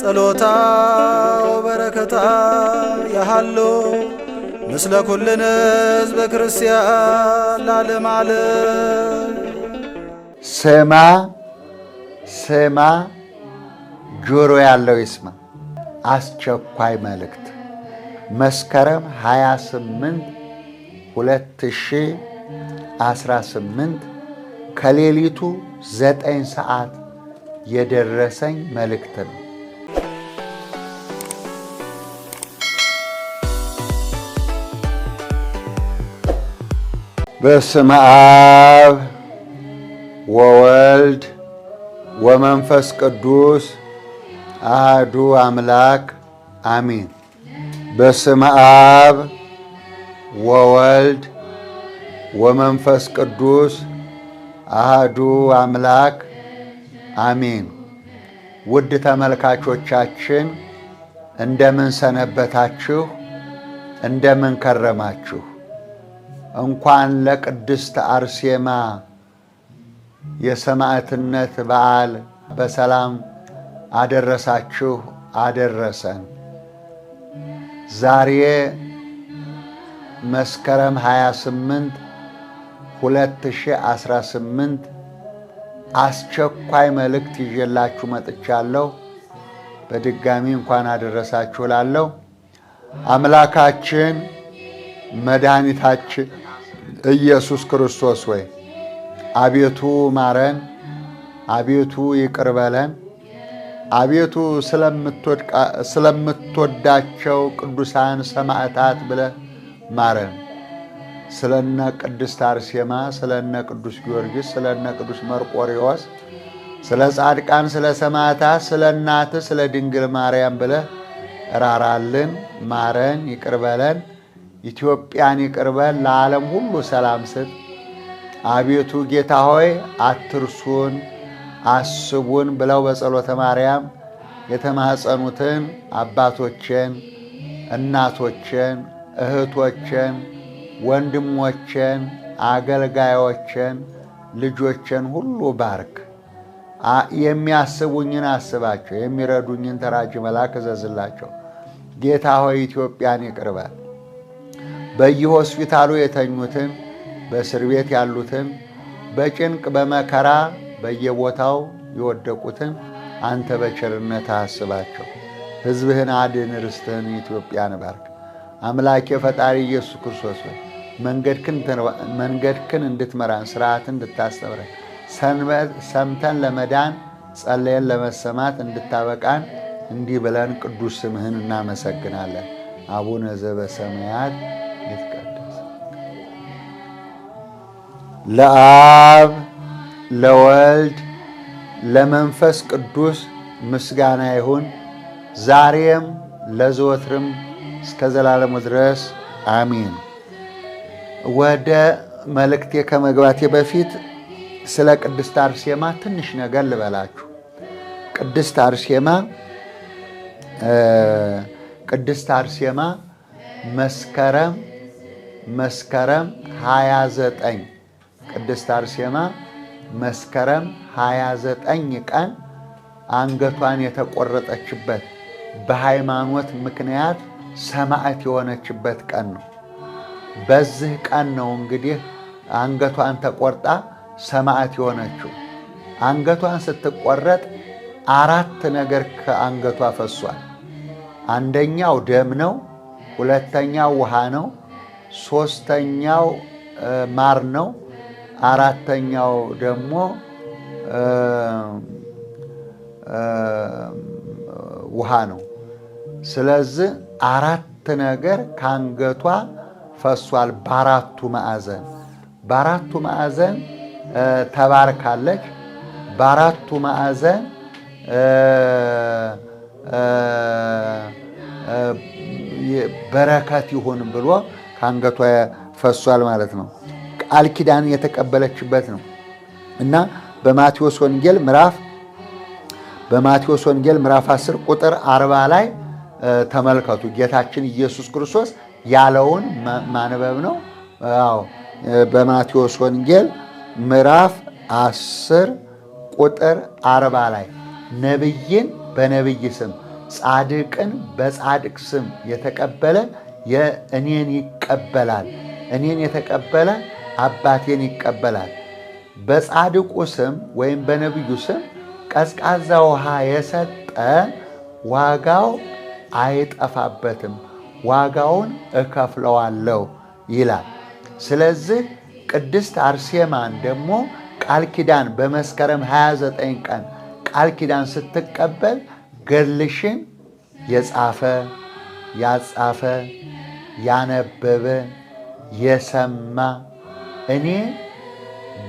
ጸሎታ ወበረከታ ያሃሎ ምስለ ኩልን ህዝበ ክርስቲያን ላለም አለ ስማ ስማ፣ ጆሮ ያለው ይስማ። አስቸኳይ መልእክት መስከረም 28 2018 ከሌሊቱ 9 ሰዓት የደረሰኝ መልእክት ነው። በስመ አብ ወወልድ ወመንፈስ ቅዱስ አህዱ አምላክ አሚን። በስመ አብ ወወልድ ወመንፈስ ቅዱስ አህዱ አምላክ አሚን። ውድ ተመልካቾቻችን እንደምን ሰነበታችሁ? እንደምን ከረማችሁ? እንኳን ለቅድስት አርሴማ የሰማዕትነት በዓል በሰላም አደረሳችሁ አደረሰን። ዛሬ መስከረም 28 2018 አስቸኳይ መልእክት ይዤላችሁ መጥቻለሁ። በድጋሚ እንኳን አደረሳችሁ ላለሁ አምላካችን መድኃኒታችን ኢየሱስ ክርስቶስ ወይ አቤቱ ማረን፣ አቤቱ ይቅር በለን። አቤቱ ስለምትወዳቸው ቅዱሳን ሰማዕታት ብለህ ማረን። ስለነ ቅድስት አርሴማ፣ ስለነ ቅዱስ ጊዮርጊስ፣ ስለነ ቅዱስ መርቆሪዎስ፣ ስለ ጻድቃን፣ ስለ ሰማዕታት፣ ስለ እናትህ ስለ ድንግል ማርያም ብለህ ራራልን፣ ማረን፣ ይቅር በለን። ኢትዮጵያን ይቅር ለዓለም ሁሉ ሰላም ስጥ። አቤቱ ጌታ ሆይ አትርሱን፣ አስቡን ብለው በጸሎተ ማርያም የተማጸኑትን አባቶችን፣ እናቶችን፣ እህቶችን፣ ወንድሞችን፣ አገልጋዮችን፣ ልጆችን ሁሉ ባርክ። የሚያስቡኝን አስባቸው፣ የሚረዱኝን ተራጅ መልአክ እዘዝላቸው። ጌታ ሆይ ኢትዮጵያን ይቅር በየሆስፒታሉ የተኙትን፣ በእስር ቤት ያሉትን፣ በጭንቅ በመከራ በየቦታው የወደቁትን አንተ በቸርነት አስባቸው። ሕዝብህን አድን፣ ርስትህን ኢትዮጵያን ባርክ። አምላኬ ፈጣሪ ኢየሱስ ክርስቶስ ሆይ መንገድክን እንድትመራን ስርዓትን እንድታስተምረን ሰምተን ለመዳን ጸለየን ለመሰማት እንድታበቃን እንዲህ ብለን ቅዱስ ስምህን እናመሰግናለን። አቡነ ዘበሰማያት ለአብ ለወልድ ለመንፈስ ቅዱስ ምስጋና ይሁን ዛሬም ለዘወትርም እስከ ዘላለሙ ድረስ አሚን። ወደ መልእክቴ ከመግባቴ በፊት ስለ ቅድስት አርሴማ ትንሽ ነገር ልበላችሁ። ቅድስት አርሴማ ቅድስት አርሴማ መስከረም መስከረም 29 ቅድስት አርሴማ መስከረም 29 ቀን አንገቷን የተቆረጠችበት በሃይማኖት ምክንያት ሰማዕት የሆነችበት ቀን ነው። በዚህ ቀን ነው እንግዲህ አንገቷን ተቆርጣ ሰማዕት የሆነችው። አንገቷን ስትቆረጥ አራት ነገር ከአንገቷ ፈሷል። አንደኛው ደም ነው፣ ሁለተኛው ውሃ ነው፣ ሶስተኛው ማር ነው አራተኛው ደግሞ ውሃ ነው። ስለዚህ አራት ነገር ከአንገቷ ፈሷል በአራቱ ማዕዘን በአራቱ ማዕዘን ተባርካለች። በአራቱ ማዕዘን በረከት ይሁን ብሎ ከአንገቷ ፈሷል ማለት ነው። ቃል ኪዳን የተቀበለችበት ነው እና በማቴዎስ ወንጌል ምዕራፍ በማቴዎስ ወንጌል ምዕራፍ 10 ቁጥር 40 ላይ ተመልከቱ። ጌታችን ኢየሱስ ክርስቶስ ያለውን ማንበብ ነው። አዎ በማቴዎስ ወንጌል ምዕራፍ 10 ቁጥር 40 ላይ ነቢይን በነቢይ ስም ጻድቅን በጻድቅ ስም የተቀበለ የእኔን ይቀበላል እኔን የተቀበለ አባቴን ይቀበላል። በጻድቁ ስም ወይም በነቢዩ ስም ቀዝቃዛ ውሃ የሰጠ ዋጋው አይጠፋበትም፣ ዋጋውን እከፍለዋለሁ ይላል። ስለዚህ ቅድስት አርሴማን ደግሞ ቃል ኪዳን በመስከረም 29 ቀን ቃል ኪዳን ስትቀበል ገልሽን የጻፈ ያጻፈ ያነበበ የሰማ እኔ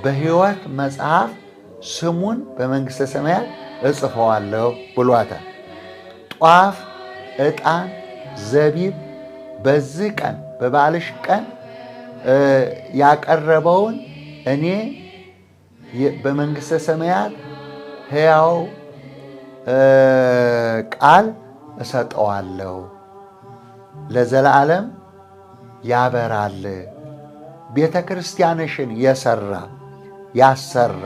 በሕይወት መጽሐፍ ስሙን በመንግሥተ ሰማያት እጽፈዋለሁ ብሏታል። ጧፍ፣ ዕጣን፣ ዘቢብ በዚህ ቀን በባልሽ ቀን ያቀረበውን እኔ በመንግሥተ ሰማያት ሕያው ቃል እሰጠዋለሁ፣ ለዘላለም ያበራል ቤተ ክርስቲያንሽን የሰራ ያሰራ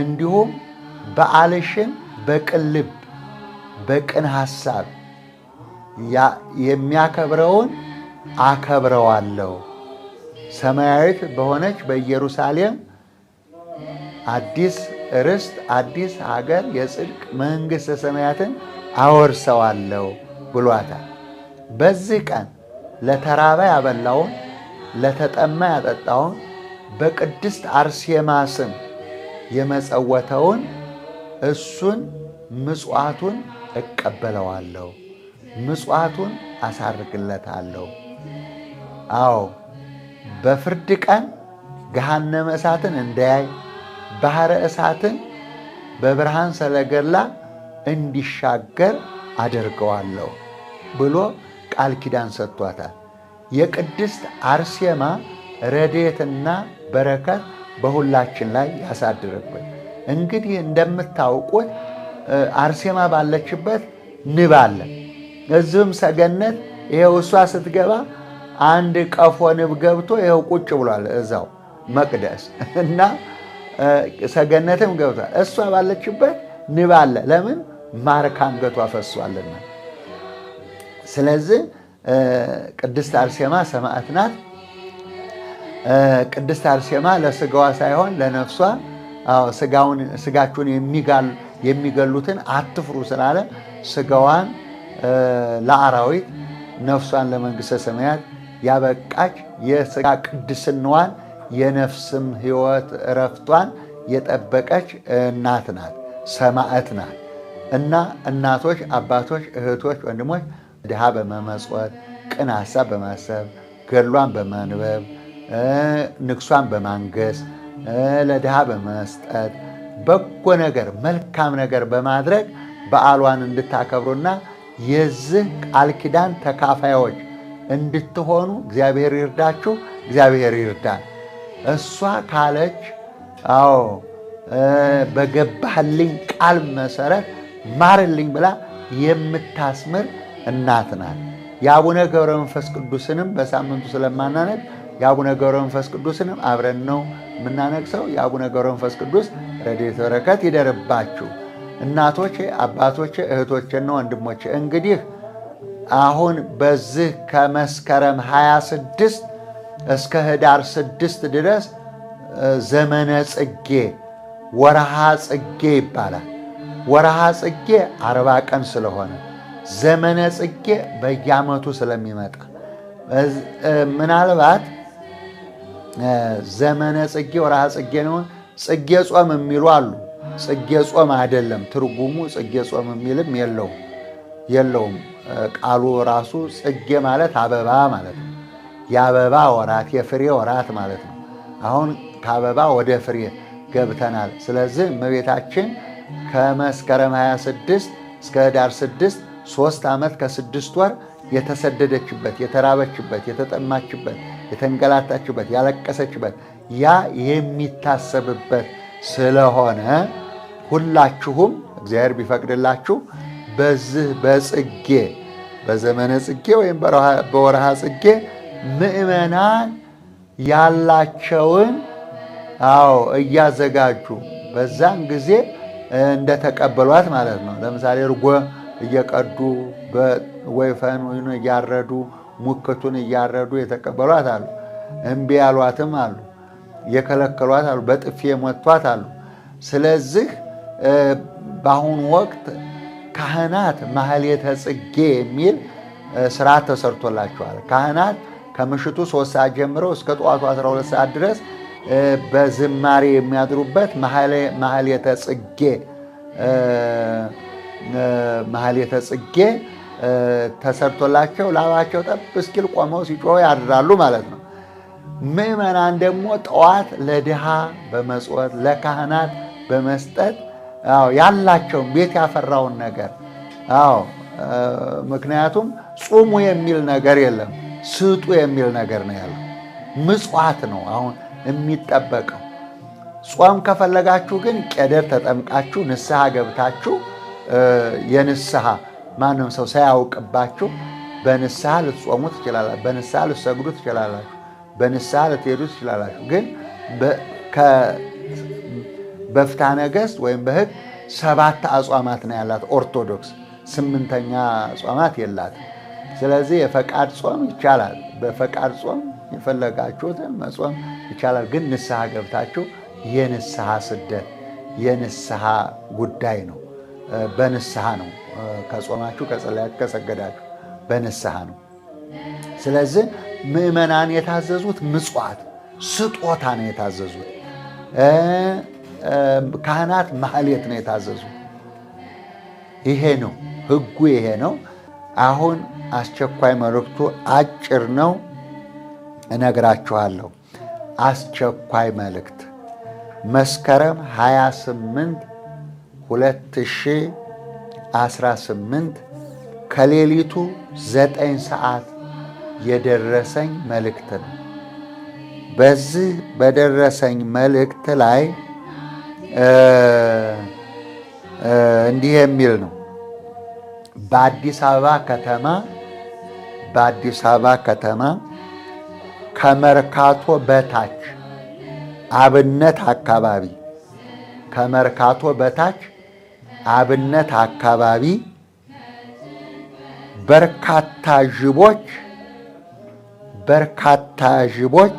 እንዲሁም በዓልሽን በቅን ልብ በቅን ሐሳብ የሚያከብረውን አከብረዋለሁ። ሰማያዊት በሆነች በኢየሩሳሌም አዲስ ርስት፣ አዲስ ሀገር፣ የጽድቅ መንግሥተ ሰማያትን አወርሰዋለሁ ብሏታል። በዚህ ቀን ለተራበ ያበላውን ለተጠማ ያጠጣውን በቅድስት አርሴማ ስም የመጸወተውን እሱን ምጽዋቱን እቀበለዋለሁ፣ ምጽዋቱን አሳርግለታለሁ። አዎ በፍርድ ቀን ገሃነመ እሳትን እንዳያይ ባሕረ እሳትን በብርሃን ሰለገላ እንዲሻገር አደርገዋለሁ ብሎ ቃል ኪዳን ሰጥቷታል። የቅድስት አርሴማ ረዴትና በረከት በሁላችን ላይ ያሳድርብን። እንግዲህ እንደምታውቁት አርሴማ ባለችበት ንብ አለ። እዚህም ሰገነት ይኸው እሷ ስትገባ አንድ ቀፎ ንብ ገብቶ ይኸው ቁጭ ብሏል እዛው መቅደስ እና ሰገነትም ገብቷል። እሷ ባለችበት ንብ አለ። ለምን ማር ካንገቷ ፈሷልና። ስለዚህ ቅድስት አርሴማ ሰማዕት ናት። ቅድስት አርሴማ ለስጋዋ ሳይሆን ለነፍሷ ስጋችሁን የሚገሉትን አትፍሩ ስላለ ስጋዋን ለአራዊት ነፍሷን ለመንግስተ ሰማያት ያበቃች የስጋ ቅድስናዋን የነፍስም ሕይወት እረፍቷን የጠበቀች እናት ናት፣ ሰማዕት ናት። እና እናቶች፣ አባቶች፣ እህቶች፣ ወንድሞች ድሃ በመመጽወት ቅን ሀሳብ በማሰብ ገድሏን በማንበብ ንግሷን በማንገስ ለድሃ በመስጠት በጎ ነገር መልካም ነገር በማድረግ በዓሏን እንድታከብሩና የዚህ ቃል ኪዳን ተካፋዮች እንድትሆኑ እግዚአብሔር ይርዳችሁ። እግዚአብሔር ይርዳል። እሷ ካለች አዎ በገባህልኝ ቃል መሰረት ማርልኝ ብላ የምታስምር እናት ናት። የአቡነ ገብረ መንፈስ ቅዱስንም በሳምንቱ ስለማናነብ የአቡነ ገብረ መንፈስ ቅዱስንም አብረን ነው የምናነግሰው። የአቡነ ገብረ መንፈስ ቅዱስ ረድኤተ በረከት ይደርባችሁ። እናቶቼ፣ አባቶቼ፣ እህቶቼና ወንድሞቼ እንግዲህ አሁን በዚህ ከመስከረም 26 እስከ ህዳር 6 ድረስ ዘመነ ጽጌ ወረሃ ጽጌ ይባላል። ወረሃ ጽጌ አርባ ቀን ስለሆነ ዘመነ ጽጌ በየዓመቱ ስለሚመጣ ምናልባት ዘመነ ጽጌ ወርሃ ጽጌ ነው። ጽጌ ጾም የሚሉ አሉ። ጽጌ ጾም አይደለም ትርጉሙ ጽጌ ጾም የሚልም የለውም የለውም። ቃሉ ራሱ ጽጌ ማለት አበባ ማለት ነው። የአበባ ወራት የፍሬ ወራት ማለት ነው። አሁን ከአበባ ወደ ፍሬ ገብተናል። ስለዚህ እመቤታችን ከመስከረም 26 እስከ ህዳር 6 ሶስት ዓመት ከስድስት ወር የተሰደደችበት፣ የተራበችበት፣ የተጠማችበት፣ የተንገላታችበት፣ ያለቀሰችበት ያ የሚታሰብበት ስለሆነ ሁላችሁም እግዚአብሔር ቢፈቅድላችሁ በዚህ በጽጌ በዘመነ ጽጌ ወይም በወርሃ ጽጌ ምእመናን ያላቸውን አዎ እያዘጋጁ በዛን ጊዜ እንደተቀበሏት ማለት ነው። ለምሳሌ እርጎ እየቀዱ ወይፈኑን እያረዱ ሙክቱን እያረዱ የተቀበሏት አሉ። እምቢ ያሏትም አሉ። የከለከሏት አሉ። በጥፊ የመቷት አሉ። ስለዚህ በአሁኑ ወቅት ካህናት ማህሌተ ጽጌ የሚል ስርዓት ተሰርቶላቸዋል። ካህናት ከምሽቱ ሶስት ሰዓት ጀምረው እስከ ጠዋቱ 12 ሰዓት ድረስ በዝማሬ የሚያድሩበት ማህሌተ ጽጌ መሀሌተ ጽጌ ተሰርቶላቸው ላባቸው ጠብ እስኪል ቆመው ሲጮ ያድራሉ ማለት ነው። ምእመናን ደግሞ ጠዋት ለድሃ በመጽወት ለካህናት በመስጠት ያላቸውን ቤት ያፈራውን ነገር አዎ፣ ምክንያቱም ጹሙ የሚል ነገር የለም፣ ስጡ የሚል ነገር ነው ያለው። ምጽዋት ነው አሁን የሚጠበቀው። ጾም ከፈለጋችሁ ግን ቄደር ተጠምቃችሁ ንስሐ ገብታችሁ የንስሐ ማንም ሰው ሳያውቅባችሁ በንስሐ ልትጾሙ ትችላላችሁ፣ በንስሐ ልትሰግዱ ትችላላችሁ፣ በንስሐ ልትሄዱ ትችላላችሁ። ግን በፍትሐ ነገሥት ወይም በሕግ ሰባት አጽዋማት ነው ያላት ኦርቶዶክስ። ስምንተኛ አጽዋማት የላትም። ስለዚህ የፈቃድ ጾም ይቻላል። በፈቃድ ጾም የፈለጋችሁትን መጾም ይቻላል። ግን ንስሐ ገብታችሁ የንስሐ ስደት የንስሐ ጉዳይ ነው። በንስሐ ነው። ከጾማችሁ፣ ከጸለያችሁ፣ ከሰገዳችሁ በንስሐ ነው። ስለዚህ ምእመናን የታዘዙት ምጽዋት ስጦታ ነው የታዘዙት። ካህናት ማህሌት ነው የታዘዙት። ይሄ ነው ህጉ፣ ይሄ ነው። አሁን አስቸኳይ መልእክቱ አጭር ነው፣ እነግራችኋለሁ። አስቸኳይ መልእክት መስከረም 28 2018 ከሌሊቱ 9 ሰዓት የደረሰኝ መልእክት ነው። በዚህ በደረሰኝ መልእክት ላይ እንዲህ የሚል ነው። በአዲስ አበባ ከተማ በአዲስ አበባ ከተማ ከመርካቶ በታች አብነት አካባቢ ከመርካቶ በታች አብነት አካባቢ በርካታ ዥቦች በርካታ ዥቦች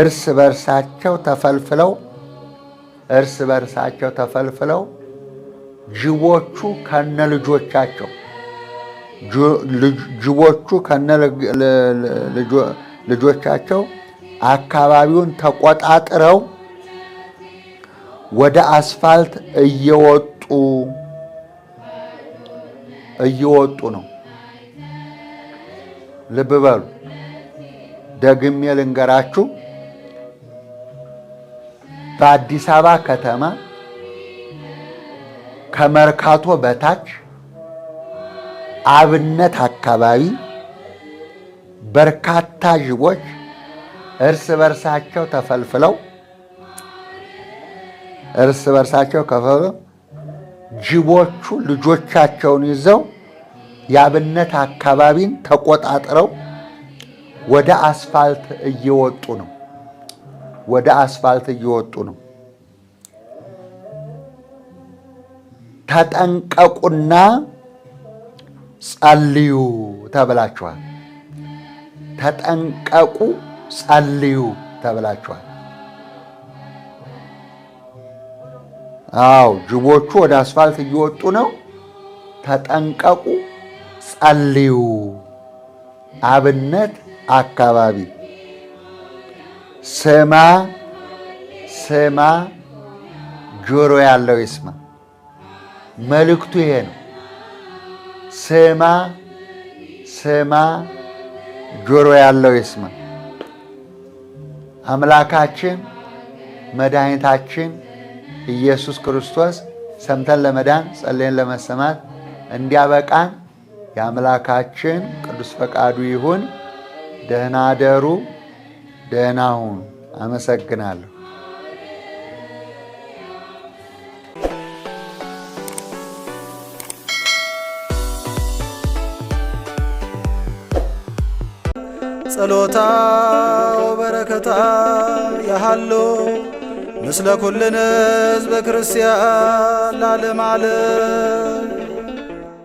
እርስ በርሳቸው ተፈልፍለው እርስ በርሳቸው ተፈልፍለው ጅቦቹ ከነ ልጆቻቸው ጅቦቹ ከነ ልጆቻቸው አካባቢውን ተቆጣጥረው ወደ አስፋልት እየወጡ ወጡ እየወጡ ነው። ልብ በሉ። ደግሜ ልንገራችሁ በአዲስ አበባ ከተማ ከመርካቶ በታች አብነት አካባቢ በርካታ ጅቦች እርስ በርሳቸው ተፈልፍለው እርስ በርሳቸው ከፈለው ጅቦቹ ልጆቻቸውን ይዘው የአብነት አካባቢን ተቆጣጥረው ወደ አስፋልት እየወጡ ነው። ወደ አስፋልት እየወጡ ነው። ተጠንቀቁና ጸልዩ ተብላችኋል። ተጠንቀቁ፣ ጸልዩ ተብላችኋል። አዎ ጅቦቹ ወደ አስፋልት እየወጡ ነው። ተጠንቀቁ፣ ጸልዩ። አብነት አካባቢ ስማ ስማ፣ ጆሮ ያለው ይስማ። መልእክቱ ይሄ ነው። ስማ ስማ፣ ጆሮ ያለው ይስማ። አምላካችን መድኃኒታችን ኢየሱስ ክርስቶስ ሰምተን ለመዳን ጸለይን ለመሰማት እንዲያበቃን የአምላካችን ቅዱስ ፈቃዱ ይሁን። ደህና አደሩ፣ ደህና ሁኑ። አመሰግናለሁ። ጸሎታ ወበረከታ ያሃሎ ምስለ ኩልነ ህዝበ ክርስቲያን ላለም አለ